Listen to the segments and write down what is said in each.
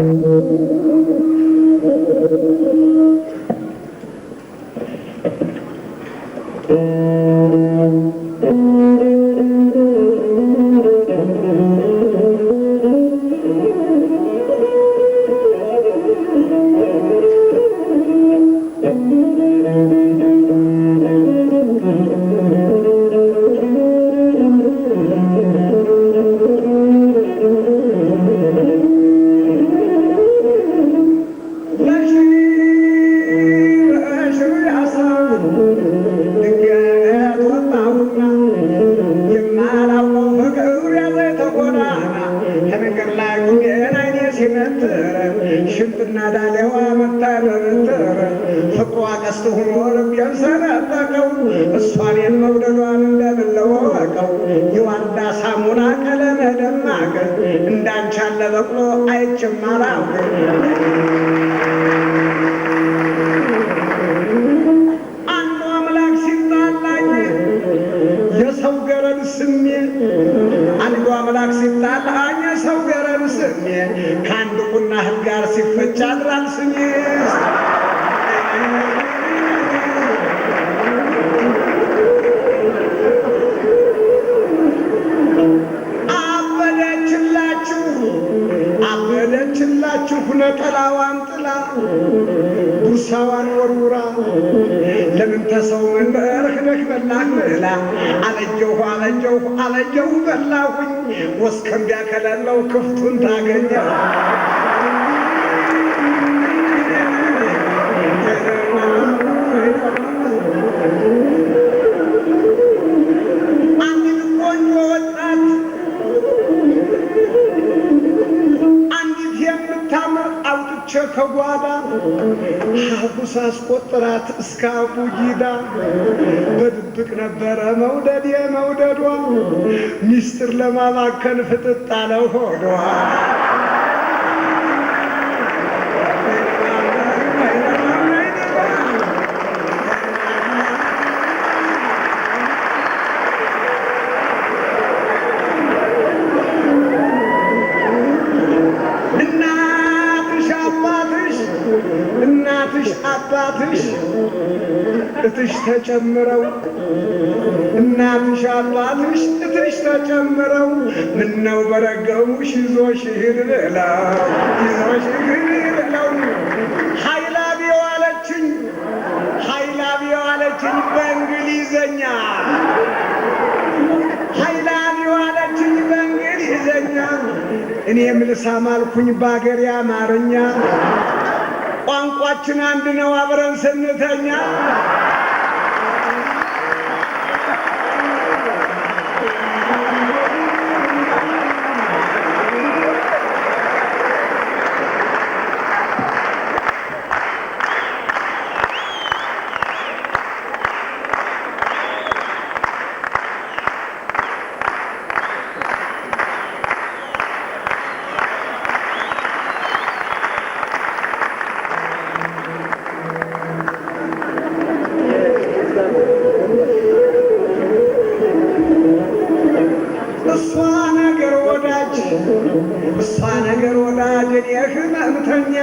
Thank you. ሽምጥና ዳሌዋ መታደርትር ፍቅሯ ቀስት ሆኖ ልቤን ሰነጠቀው። እሷኔን መውደዷን እንደምለወቀው የዋልዳ ሳሙና ቀለመ ደማቅ እንዳንቻለ በቅሎ አይችም አላውቅ አምላክ ሲጣል አኛ ሰው ገረብ ስሜ ከአንድ እህል ጋር ሲፈጭ አድራን ስሜ አበደችላችሁ አበደችላችሁ ነጠላዋን ጥላ ሳዋን ወርውራ ለምን ተሰው መንበርህ ነህ በላህ ምላ አለጀሁ አለጀሁ አለጀሁ በላሁኝ ወስከምቢያ ከለለው ክፍቱን ታገኘ አስወጣቸው ከጓዳ ሐሙስ አስቆጥራት እስከ አቡጊዳ በድብቅ ነበረ መውደድ የመውደዷ ሚስጥር ለማባከን ፍጥጥ አለ ሆዷ እናትሽ አባትሽ እትሽ ተጨምረው እናትሽ አባትሽ እትሽ ተጨምረው ምነው በረገሙሽ ይዞሽ ይሂድ ብለው ይዞሽ ይሂድ ብለው ሀይላቢ ዋለችኝ ሀይላቢ ዋለችኝ በእንግሊዘኛ እኔ ምልሳ ማልኩኝ እኔም ልሳም አማርኛ ቋንቋችን አንድ ነው አብረን ስንተኛ እሷ ነገር ወዳጅን የህመምተኛ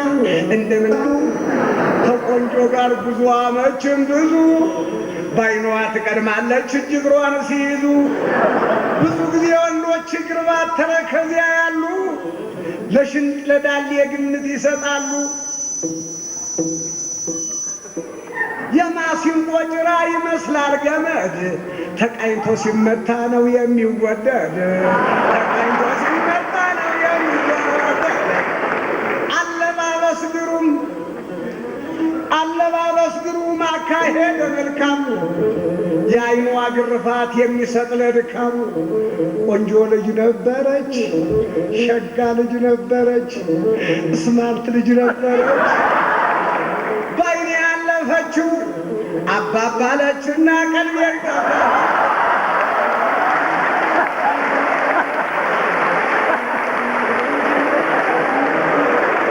እንደምን ከቆንጆ ጋር ጉዞ አመችም ብዙ ባይኗ ትቀድማለች እጅ እግሯን ሲይዙ ብዙ ጊዜ ወንዶች እግር ባተረ ከዚያ ያሉ ለሽንጥ ለዳሌ ግምት ይሰጣሉ። የማሲንቆ ጭራ ይመስላል ገመድ ተቃኝቶ ሲመታ ነው የሚወደድ አለባበስ ግሩም አለባበስ ግሩም አካሄደ መልካም የአይኗ ግርፋት የሚሰጥ ለድካሙ ቆንጆ ልጅ ነበረች፣ ሸጋ ልጅ ነበረች፣ ስማርት ልጅ ነበረች። በአይኔ ያለፈችው አባባለችና ቀልቤ